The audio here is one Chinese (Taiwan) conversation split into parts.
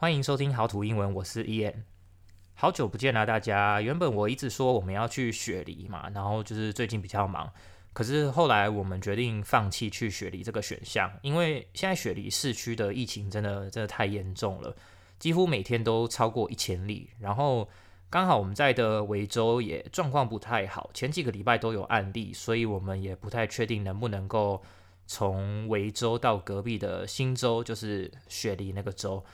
歡迎收聽好土英文，我是 Ian。好久不見啦，大家！原本我一直說我們要去雪梨嘛，然後就是最近比較忙，可是後來我們決定放棄去雪梨這個選項，因為現在雪梨市區的疫情真的真的太嚴重了，幾乎每天都超過一千例。然後剛好我們在的維州也狀況不太好，前幾個禮拜都有案例，所以我們也不太確定能不能夠從維州到隔壁的新州，就是雪梨那個州。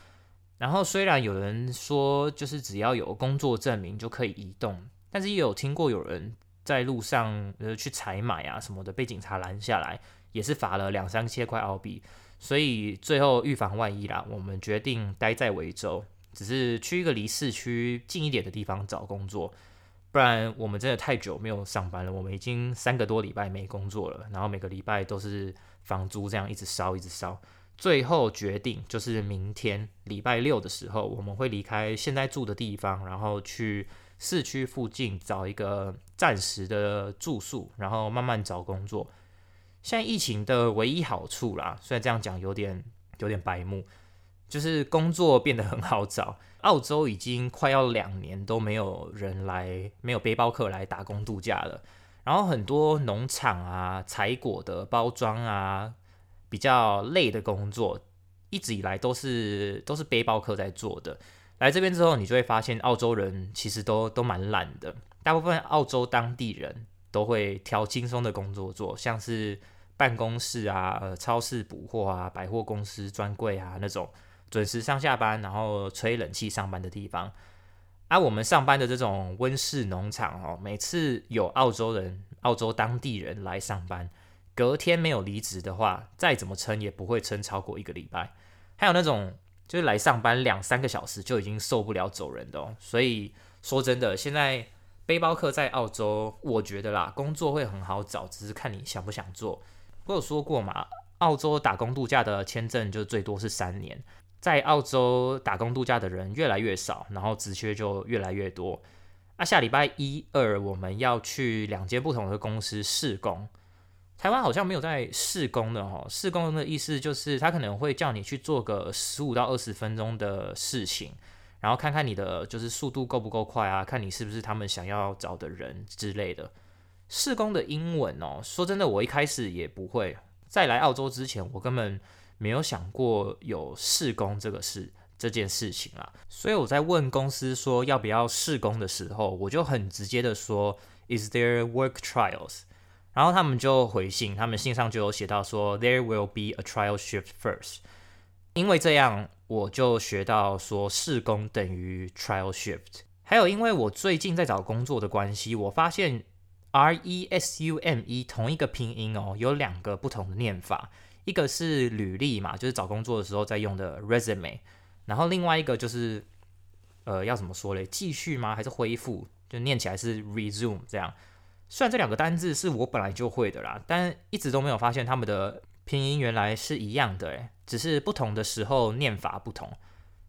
然後雖然有人說，就是只要有工作證明就可以移動，但是也有聽過有人在路上呃、去採買啊什麼的被警察攔下來，也是罰了兩三千塊澳幣。所以最後預防萬一啦，我們決定待在維州，只是去一個離市區近一點的地方找工作。不然我們真的太久沒有上班了，我們已經三個多禮拜沒工作了，然後每個禮拜都是房租這樣一直燒一直燒。最後決定就是明天禮拜六的時候，我們會離開現在住的地方，然後去市區附近找一個暫時的住宿，然後慢慢找工作。現在疫情的唯一好處啦，雖然這樣講有點有點白目，就是工作變得很好找。澳洲已經快要兩年都沒有人來，沒有背包客來打工度假了，然後很多農場啊、採果的包裝啊。比較累的工作，一直以來都是都是背包客在做的。來這邊之後，你就會發現澳洲人其實都都蠻懶的。大部分澳洲當地人都會挑輕鬆的工作做，像是辦公室啊、呃、超市補貨啊、百貨公司專櫃啊那種準時上下班，然後吹冷氣上班的地方。而、啊、我們上班的這種溫室農場哦，每次有澳洲人、澳洲當地人來上班，隔天沒有離職的話，再怎麼撐也不會撐超過一個禮拜。還有那種就是來上班兩三個小時就已經受不了走人的哦。所以說真的，現在背包客在澳洲，我覺得啦，工作會很好找，只是看你想不想做。我有說過嘛，澳洲打工度假的簽證就最多是三年，在澳洲打工度假的人越來越少，然後職缺就越來越多。那、啊、下禮拜一二我們要去兩間不同的公司試工。台灣好像沒有在試工的哦，試工的意思就是他可能會叫你去做個十五到二十分鐘的事情，然後看看你的就是速度夠不夠快啊，看你是不是他們想要找的人之類的。試工的英文哦，說真的我一開始也不會，在來澳洲之前我根本沒有想過有試工這個事，這件事情啊，所以我在問公司說要不要試工的時候，我就很直接的說，Is there work trials？然後他們就回信，他們信上就有寫到說，There will be a trial shift first。因為這樣，我就學到說試工等於 trial shift。還有，因為我最近在找工作的關係，我發現 R E S U M E 同一個拼音哦，有兩個不同的念法，一個是履歷嘛，就是找工作的時候在用的 resume，然後另外一個就是呃要怎麼說嘞，繼續嗎？還是恢復？就念起來是 resume 這樣。雖然這兩個單字是我本來就會的啦，但一直都沒有發現他們的拼音原來是一樣的，欸，只是不同的時候念法不同。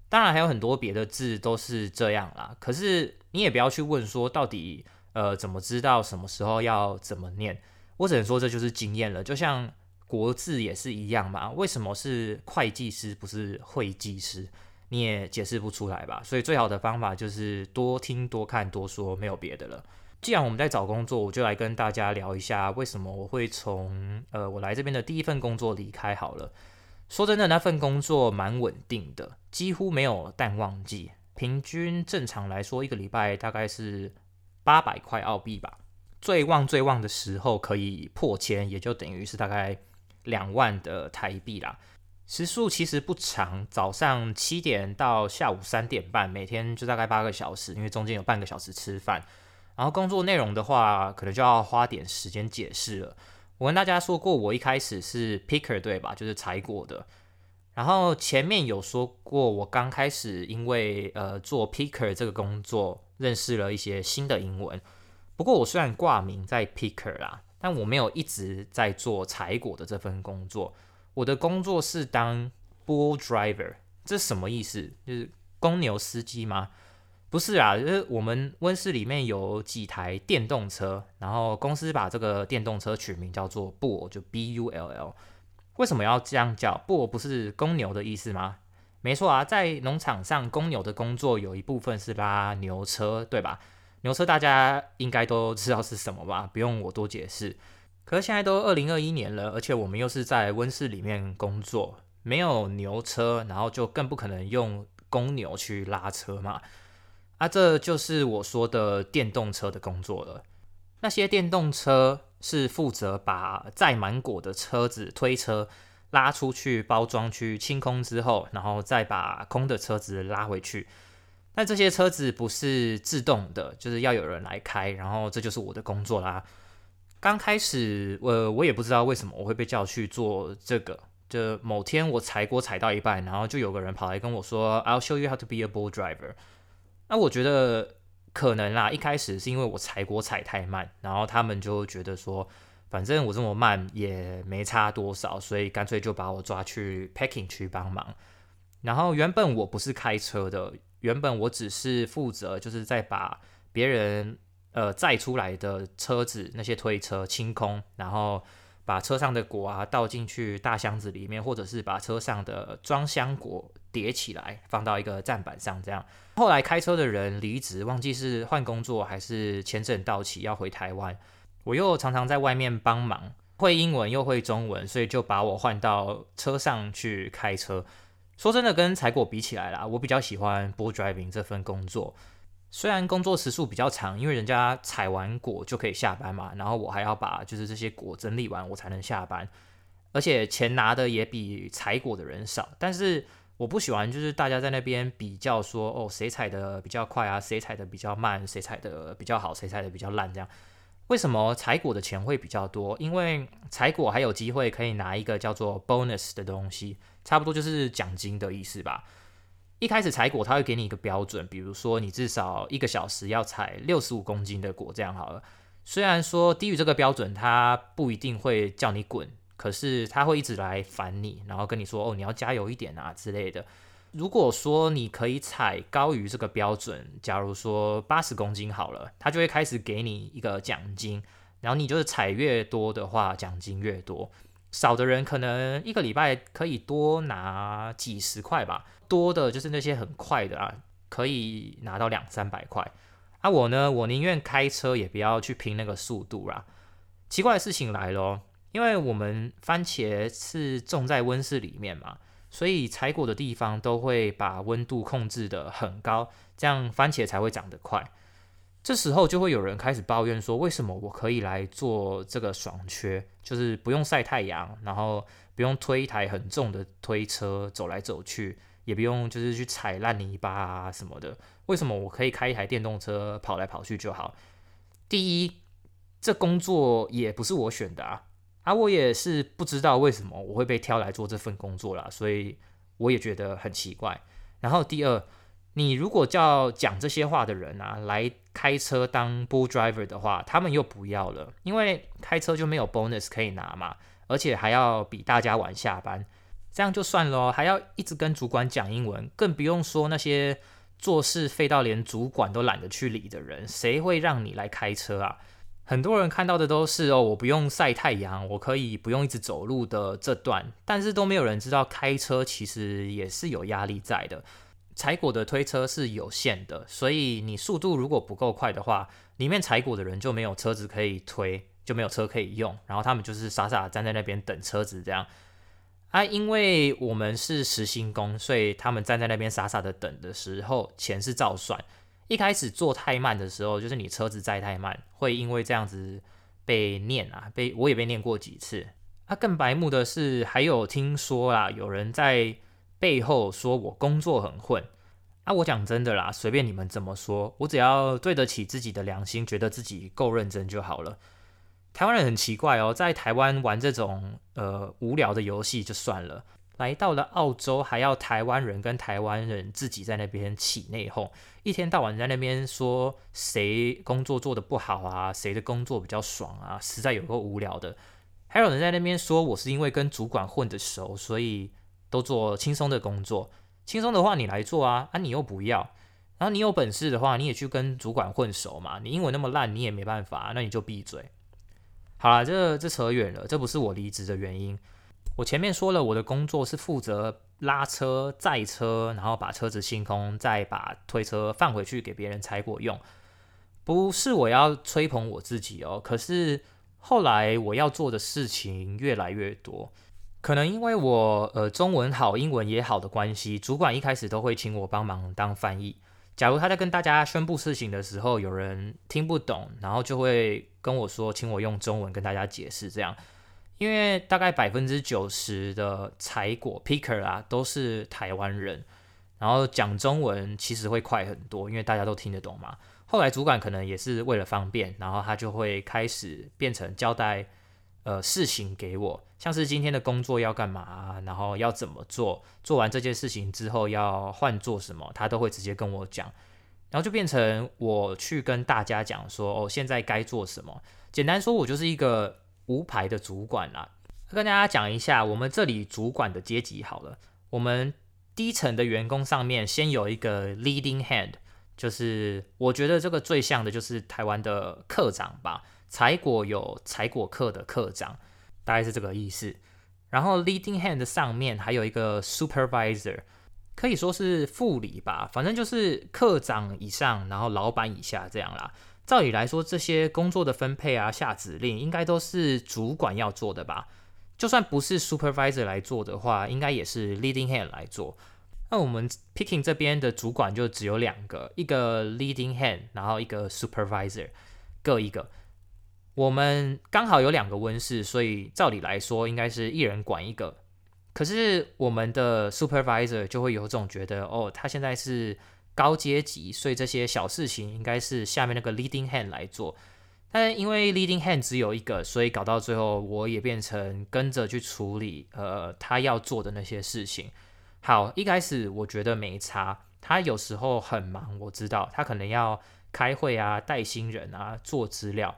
當然還有很多別的字都是這樣啦。可是你也不要去問說到底，呃，怎麼知道什麼時候要怎麼念？我只能說這就是經驗了。就像國字也是一樣嘛，為什麼是會計師不是會計師？你也解釋不出來吧？所以最好的方法就是多聽、多看、多說，沒有別的了。既然我們在找工作，我就來跟大家聊一下為什麼我會從呃，我來這邊的第一份工作離開好了。說真的，那份工作蠻穩定的，幾乎沒有淡旺季。平均正常來說，一個禮拜大概是八百塊澳幣吧。最旺最旺的時候可以破千，也就等於是大概兩萬的台幣啦。時數其實不長，早上七點到下午三點半，每天就大概八個小時，因為中間有半個小時吃飯。然後工作內容的話，可能就要花點時間解釋了。我跟大家說過，我一開始是 picker 對吧？就是採果的。然後前面有說過，我剛開始因為呃做 picker 這個工作，認識了一些新的英文。不過我雖然掛名在 picker 啦，但我沒有一直在做採果的這份工作。我的工作是當 bull driver。這什麼意思？就是公牛司機嗎？不是啊，就是我們溫室裡面有幾台電動車，然後公司把這個電動車取名叫做 “bull”，就 B U L L。為什麼要這樣叫？“bull” 不是公牛的意思嗎？沒錯啊，在農場上，公牛的工作有一部分是拉牛車，對吧？牛車大家應該都知道是什麼吧？不用我多解釋。可是現在都二零二一年了，而且我們又是在溫室裡面工作，沒有牛車，然後就更不可能用公牛去拉車嘛。啊，這就是我說的電動車的工作了。那些電動車是負責把載滿果的車子推車拉出去包裝區清空之後，然後再把空的車子拉回去。但這些車子不是自動的，就是要有人來開。然後這就是我的工作啦。剛開始，呃，我也不知道為什麼我會被叫去做這個。就某天我採果踩到一半，然後就有個人跑來跟我說：“I'll show you how to be a bull driver。”那、啊、我覺得可能啦，一開始是因為我採果採太慢，然後他們就覺得說，反正我這麼慢也沒差多少，所以乾脆就把我抓去 packing 區幫忙。然後原本我不是開車的，原本我只是負責就是在把別人呃載出來的車子那些推車清空，然後把車上的果啊倒進去大箱子裡面，或者是把車上的裝箱果。疊起來放到一個站板上，這樣。後來開車的人離職，忘記是換工作還是簽證到期要回台灣，我又常常在外面幫忙，會英文又會中文，所以就把我換到車上去開車。說真的，跟採果比起來啦，我比較喜歡 bull driving 這份工作，雖然工作時數比較長，因為人家採完果就可以下班嘛，然後我還要把就是這些果整理完，我才能下班，而且錢拿的也比採果的人少，但是。我不喜歡就是大家在那邊比較說，哦，誰採得比較快啊、誰採得比較慢、誰採得比較好、誰採得比較爛這樣。為什麼採果的錢會比較多？因為採果還有機會可以拿一個叫做 bonus 的東西，差不多就是獎金的意思吧。一開始採果他會給你一個標準，比如說你至少一個小時要採六十五公斤的果這樣好了。雖然說低於這個標準，他不一定會叫你滾。可是他會一直來煩你，然後跟你說：“哦，你要加油一點啊之類的。”如果說你可以踩高於這個標準，假如說八十公斤好了，他就會開始給你一個獎金。然後你就是踩越多的話，獎金越多。少的人可能一個禮拜可以多拿幾十塊吧，多的就是那些很快的啊，可以拿到兩三百塊。啊，我呢，我寧願開車也不要去拼那個速度啦、啊。奇怪的事情來了。因為我們番茄是種在溫室裡面嘛，所以採果的地方都會把溫度控制得很高，這樣番茄才會長得快。這時候就會有人開始抱怨說，為什麼我可以來做這個爽缺，就是不用曬太陽，然後不用推一台很重的推車走來走去，也不用就是去踩爛泥巴啊什麼的，為什麼我可以開一台電動車跑來跑去就好？第一，這工作也不是我選的啊。啊，我也是不知道為什麼我會被挑來做這份工作啦。所以我也覺得很奇怪。然後第二，你如果叫講這些話的人啊來開車當 bull driver 的話，他們又不要了，因為開車就沒有 bonus 可以拿嘛，而且還要比大家晚下班，這樣就算咯，還要一直跟主管講英文，更不用說那些做事廢到連主管都懶得去理的人，誰會讓你來開車啊？很多人看到的都是哦，我不用曬太陽，我可以不用一直走路的這段，但是都沒有人知道開車其實也是有壓力在的。採果的推車是有限的，所以你速度如果不夠快的話，裡面採果的人就沒有車子可以推，就沒有車可以用，然後他們就是傻傻站在那邊等車子這樣。啊，因為我們是時薪工，所以他們站在那邊傻傻的等的時候，錢是照算。一開始做太慢的時候，就是你車子載太慢，會因為這樣子被念啊，被我也被念過幾次。啊，更白目的是，還有聽說啦，有人在背後說我工作很混啊。我講真的啦，隨便你們怎麼說，我只要對得起自己的良心，覺得自己夠認真就好了。台灣人很奇怪哦，在台灣玩這種呃無聊的遊戲就算了。來到了澳洲，還要台灣人跟台灣人自己在那邊起內訌，一天到晚在那邊說誰工作做得不好啊，誰的工作比較爽啊，實在有個無聊的，還有人在那邊說我是因為跟主管混得熟，所以都做輕鬆的工作，輕鬆的話你來做啊，啊你又不要，然後啊你有本事的話你也去跟主管混熟嘛，你英文那麼爛你也沒辦法，那你就閉嘴。好了。這這扯遠了，這不是我離職的原因。我前面說了，我的工作是負責拉車、載車，然後把車子清空，再把推車放回去給別人拆過用。不是我要吹捧我自己哦，可是後來我要做的事情越來越多，可能因為我呃中文好、英文也好的關係，主管一開始都會請我幫忙當翻譯。假如他在跟大家宣布事情的時候，有人聽不懂，然後就會跟我說，請我用中文跟大家解釋這樣。因為大概百分之九十的採果 picker 啊，都是台灣人，然後講中文其實會快很多，因為大家都聽得懂嘛。後來主管可能也是為了方便，然後他就會開始變成交代呃事情給我，像是今天的工作要幹嘛啊，然後要怎麼做，做完這件事情之後要換做什麼，他都會直接跟我講，然後就變成我去跟大家講說，哦，現在該做什麼。簡單說，我就是一個無牌的主管啊，跟大家講一下我們這裡主管的階級好了。我們低層的員工上面先有一個 leading hand，就是我覺得這個最像的就是台灣的課長吧。採果有採果課的課長，大概是這個意思。然後 leading hand 上面還有一個 supervisor，可以說是副理吧，反正就是課長以上，然後老闆以下這樣啦。照理來說，這些工作的分配啊、下指令，應該都是主管要做的吧？就算不是 supervisor 來做的話，應該也是 leading hand 來做。那我們 picking 這邊的主管就只有兩個，一個 leading hand，然後一個 supervisor，各一個。我們剛好有兩個溫室，所以照理來說，應該是一人管一個。可是我們的 supervisor 就會有這種覺得，哦，他現在是。高階級，所以這些小事情應該是下面那個 leading hand 來做，但因為 leading hand 只有一個，所以搞到最後我也變成跟着去處理，呃，他要做的那些事情。好，一開始我覺得沒差，他有時候很忙，我知道他可能要開會啊、帶新人啊、做資料。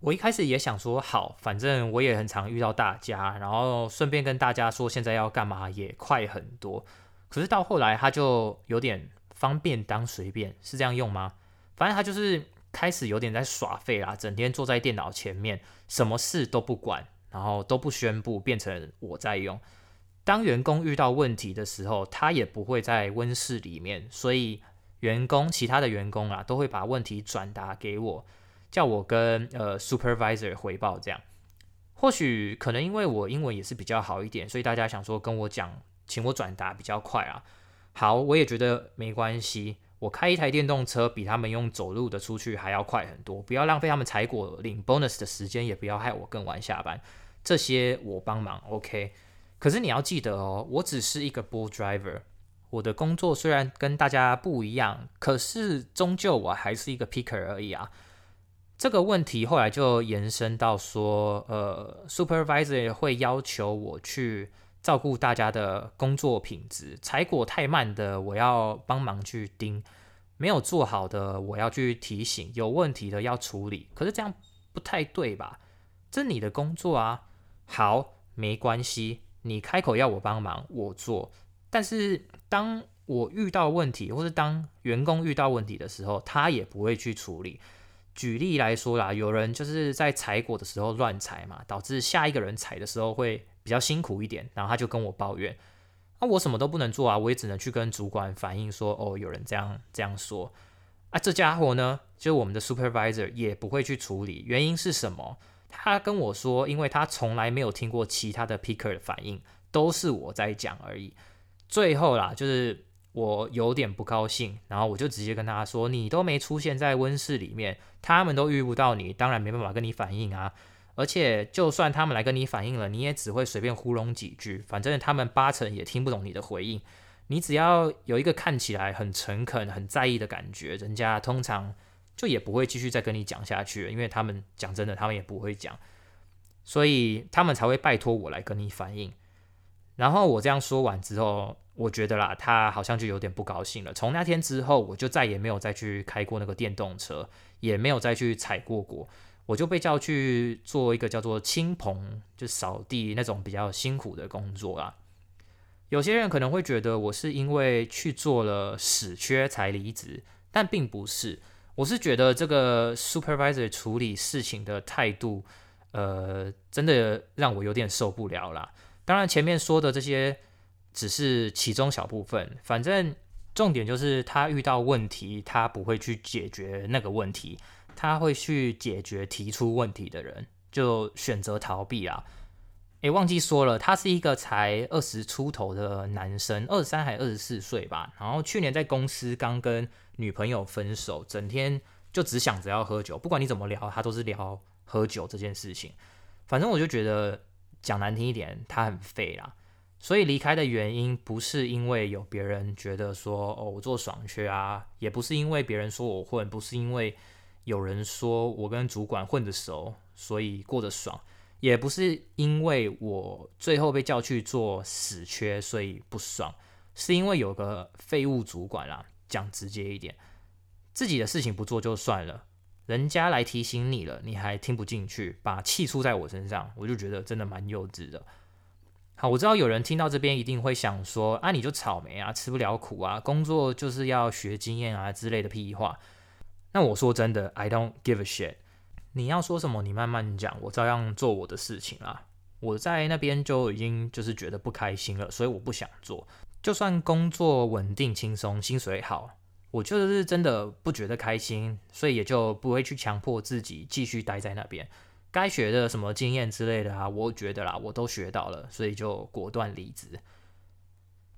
我一開始也想說好，反正我也很常遇到大家，然後順便跟大家說現在要幹嘛也快很多。可是到後來他就有點。方便當隨便是這樣用嗎？反正他就是開始有點在耍廢啊，整天坐在電腦前面，什麼事都不管，然後都不宣佈，變成我在用。當員工遇到問題的時候，他也不會在溫室裡面，所以員工其他的員工啊，都會把問題轉達給我，叫我跟呃 supervisor 回報這樣。或許可能因為我英文也是比較好一點，所以大家想說跟我講，請我轉達比較快啊。好，我也覺得沒關係。我開一台電動車比他們用走路的出去還要快很多。不要浪費他們採果領 bonus 的時間，也不要害我更晚下班。這些我幫忙 OK。可是你要記得哦，我只是一個 bull driver。我的工作雖然跟大家不一樣，可是終究我還是一個 picker 而已啊。這個問題後來就延伸到說，呃，supervisor 會要求我去。照顧大家的工作品質，採果太慢的我要幫忙去盯，沒有做好的我要去提醒，有問題的要處理。可是這樣不太對吧？這是你的工作啊，好，沒關係，你開口要我幫忙我做。但是當我遇到問題，或是當員工遇到問題的時候，他也不會去處理。舉例來說啦，有人就是在採果的時候亂採嘛，導致下一個人採的時候會。比較辛苦一點，然後他就跟我抱怨，那、啊、我什麼都不能做啊，我也只能去跟主管反映說，哦，有人這樣這樣說，啊，這傢伙呢，就我們的 supervisor 也不會去處理，原因是什麼？他跟我說，因為他從來沒有聽過其他的 picker 的反應，都是我在講而已。最後啦，就是我有點不高興，然後我就直接跟他說，你都沒出現在溫室裡面，他們都遇不到你，當然沒辦法跟你反應啊。而且，就算他們來跟你反映了，你也只會隨便糊弄幾句，反正他們八成也聽不懂你的回應。你只要有一個看起來很誠懇、很在意的感覺，人家通常就也不會繼續再跟你講下去了，因為他們講真的，他們也不會講，所以他們才會拜托我來跟你反映。然後我這樣說完之後，我覺得啦，他好像就有點不高興了。從那天之後，我就再也沒有再去開過那個電動車，也沒有再去踩過過。我就被叫去做一個叫做清棚，就掃地那種比較辛苦的工作啦、啊。有些人可能會覺得我是因為去做了屎缺才離職，但並不是。我是覺得這個 supervisor 處理事情的態度，呃，真的讓我有點受不了啦。當然，前面說的這些只是其中小部分，反正重點就是他遇到問題，他不會去解決那個問題。他會去解決提出問題的人，就選擇逃避啦。誒、欸，忘記說了，他是一個才二十出頭的男生，二十三還二十四歲吧。然後去年在公司剛跟女朋友分手，整天就只想着要喝酒，不管你怎麼聊，他都是聊喝酒這件事情。反正我就覺得講難聽一點，他很廢啦。所以離開的原因不是因為有別人覺得說，哦，我做爽缺啊，也不是因為別人說我混，不是因為。有人說我跟主管混得熟，所以過得爽，也不是因為我最後被叫去做死缺，所以不爽，是因為有個廢物主管啦，講直接一點，自己的事情不做就算了，人家來提醒你了，你還聽不進去，把氣出在我身上，我就覺得真的蠻幼稚的。好，我知道有人聽到這邊一定會想說，啊，你就草莓啊，吃不了苦啊，工作就是要學經驗啊之類的屁話。那我說真的，I don't give a shit。你要說什麼，你慢慢講，我照樣做我的事情啦。我在那邊就已經就是覺得不開心了，所以我不想做。就算工作穩定、輕鬆，薪水好，我就是真的不覺得開心，所以也就不會去強迫自己繼續待在那邊。該學的什麼經驗之類的啊，我覺得啦，我都學到了，所以就果斷離職。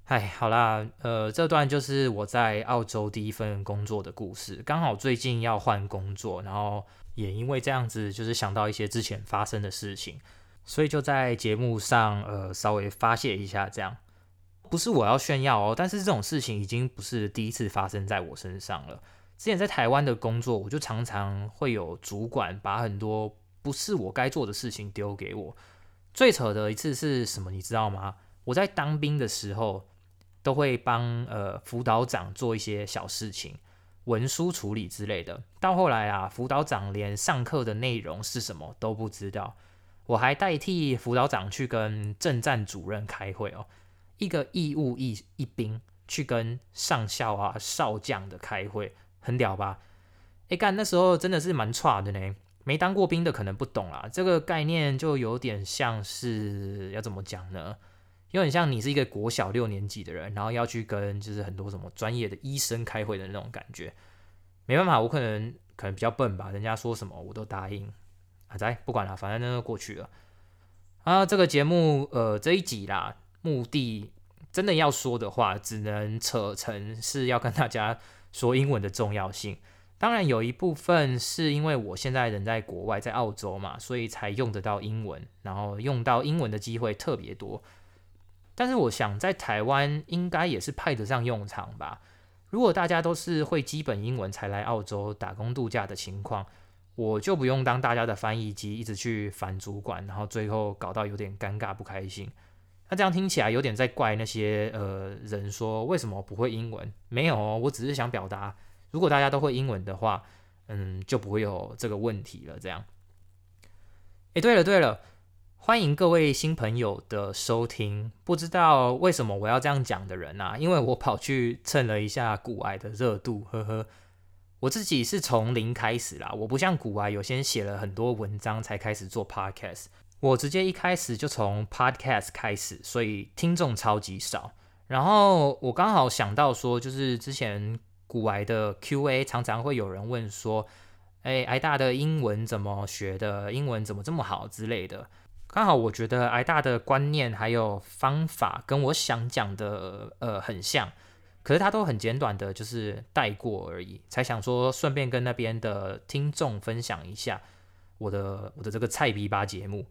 哎，好啦，呃，這段就是我在澳洲第一份工作的故事。剛好最近要換工作，然後也因為這樣子，就是想到一些之前發生的事情，所以就在節目上，呃，稍微發洩一下這樣。不是我要炫耀哦，但是這種事情已經不是第一次發生在我身上了。之前在台灣的工作，我就常常會有主管把很多不是我該做的事情丟給我。最扯的一次是什麼？你知道嗎？我在當兵的時候。都會幫呃輔導長做一些小事情，文書處理之類的。到後來啊，輔導長連上課的內容是什麼都不知道。我還代替輔導長去跟政戰主任開會哦，一個義務役一兵去跟上校啊、少將的開會，很屌吧？哎幹，那時候真的是蠻差的呢。沒當過兵的可能不懂啦，這個概念就有點像是要怎麼講呢？因為很像你是一個國小六年級的人，然後要去跟就是很多什麼專業的醫生開會的那種感覺。沒辦法，我可能可能比較笨吧，人家說什麼我都答應。好，在，不管了、啊，反正那就過去了。啊，這個節目呃這一集啦，目的真的要說的話，只能扯成是要跟大家說英文的重要性。當然有一部分是因為我現在人在國外，在澳洲嘛，所以才用得到英文，然後用到英文的機會特別多。但是我想，在台灣應該也是派得上用場吧。如果大家都是會基本英文才來澳洲打工度假的情況，我就不用當大家的翻譯機，一直去煩主管，然後最後搞到有點尷尬不開心。那這樣聽起來有點在怪那些呃人說為什麼不會英文？沒有哦，我只是想表達，如果大家都會英文的話，嗯，就不會有這個問題了。這樣。哎，對了，對了。歡迎各位新朋友的收聽。不知道為什麼我要這樣講的人吶、啊,因為我跑去蹭了一下股癌的熱度，呵呵。我自己是從零開始啦，我不像股癌，有先寫了很多文章才開始做 podcast，我直接一開始就從 podcast 開始，所以聽眾超級少。然後我剛好想到說，就是之前股癌的 QA 常常會有人問說，哎，癌大的英文怎麼學的？英文怎麼這麼好之類的。剛好我覺得 Ida 的觀念還有方法跟我想講的呃很像，可是他都很簡短的，就是帶過而已。才想說順便跟那邊的聽眾分享一下我的我的這個菜皮吧節目。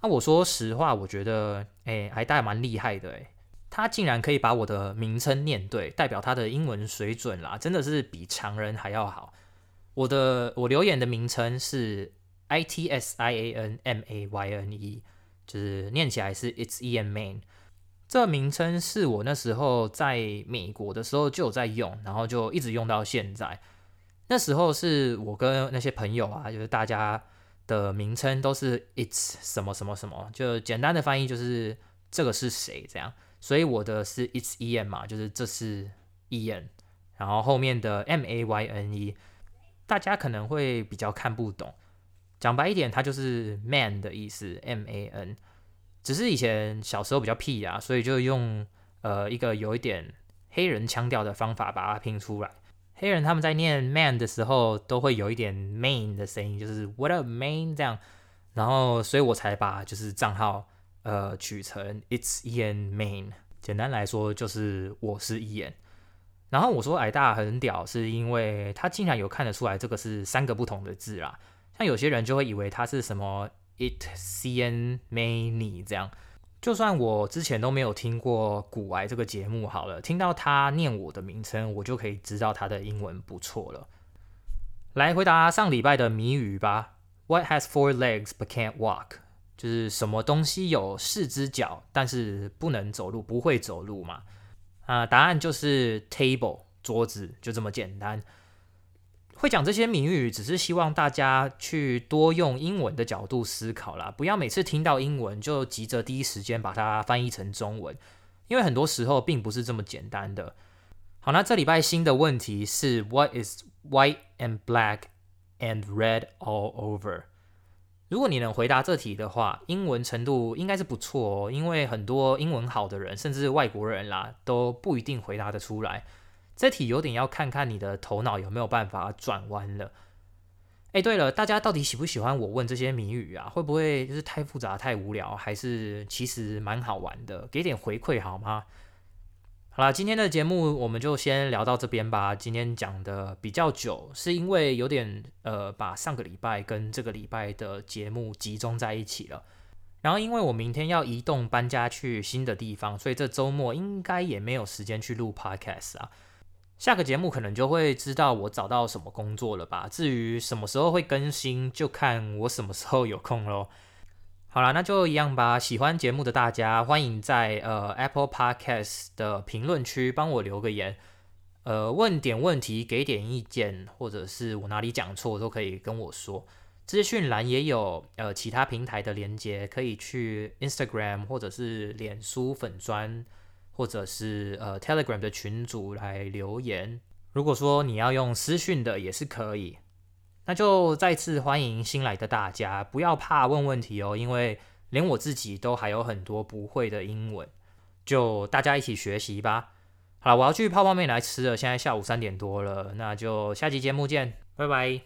那、啊、我說實話，我覺得誒，欸 Ida、還帶蠻厲害的誒、欸，他竟然可以把我的名稱念對，代表他的英文水準啦，真的是比常人還要好。我的我留言的名稱是，I T S I A N M A Y N E，就是念起來是 It's Ian Main。這名稱是我那時候在美國的時候就有在用，然後就一直用到現在。那時候是我跟那些朋友啊，就是大家的名稱都是 It's 什麼什麼什麼，就簡單的翻譯就是這個是誰這樣。所以我的是 It's Ian 嘛，就是這是 E n，然後後面的 M A Y N E，大家可能會比較看不懂。講白一點，它就是 man 的意思，m a n，只是以前小時候比較屁啊，所以就用呃一個有一點黑人腔調的方法把它拼出來。黑人他們在念 man 的時候，都會有一點 m a n 的聲音，就是 what a main 這樣。然後所以我才把就是賬號呃取成 it's Ian main。簡單來說就是我是 Ian。然後我說矮大很屌，是因為他竟然有看得出來這個是三個不同的字啦。像有些人就會以為他是什麼 i t s n Mani 這樣，就算我之前都沒有聽過古來這個節目好了，聽到他念我的名稱，我就可以知道他的英文不錯了。來回答上禮拜的謎語吧：What has four legs but can't walk？就是什麼東西有四只腳，但是不能走路，不會走路嘛。啊，答案就是 table 桌子，就這麼簡單。會講這些謎語，只是希望大家去多用英文的角度思考啦。不要每次聽到英文就急着第一時間把它翻譯成中文，因為很多時候並不是這麼簡單的。好，那這禮拜新的問題是：What is white and black and red all over？如果你能回答這題的話，英文程度應該是不錯哦，因為很多英文好的人，甚至外國人啦，都不一定回答得出來。這題有點要看看你的頭腦有沒有辦法轉彎了。哎，對了，大家到底喜不喜歡我問這些謎語啊？會不會就是太複雜、太無聊，還是其實蠻好玩的？給點回饋好嗎？好啦，今天的節目我們就先聊到這邊吧。今天講得比較久，是因為有點呃把上個禮拜跟這個禮拜的節目集中在一起了。然後因為我明天要移動搬家去新的地方，所以這周末應該也沒有時間去錄 Podcast 啊。下個節目可能就會知道我找到什麼工作了吧？至於什麼時候會更新，就看我什麼時候有空嘍。好啦，那就一樣吧。喜歡節目的大家，歡迎在呃 Apple Podcast 的評論區幫我留個言，呃，問點問題，給點意見，或者是我哪裡講錯都可以跟我說。資訊欄也有呃其他平台的連結，可以去 Instagram 或者是臉書粉專。或者是呃 Telegram 的群組來留言，如果說你要用私訊的也是可以，那就再次歡迎新來的大家，不要怕問問題哦，因為連我自己都還有很多不會的英文，就大家一起學習吧。好了，我要去泡泡麵來吃了，現在下午三點多了，那就下期節目見，拜拜。